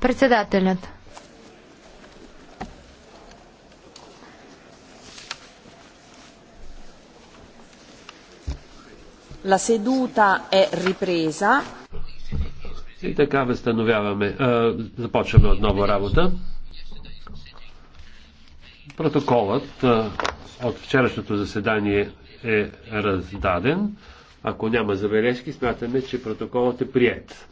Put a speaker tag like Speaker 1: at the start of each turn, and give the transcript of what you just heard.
Speaker 1: Председателят.
Speaker 2: La seduta è ripresa.
Speaker 3: И така възстановяваме. Започваме отново работа. Протоколът от вчерашното заседание е
Speaker 4: раздаден. Ако няма забележки, смятаме, че протоколът е прият.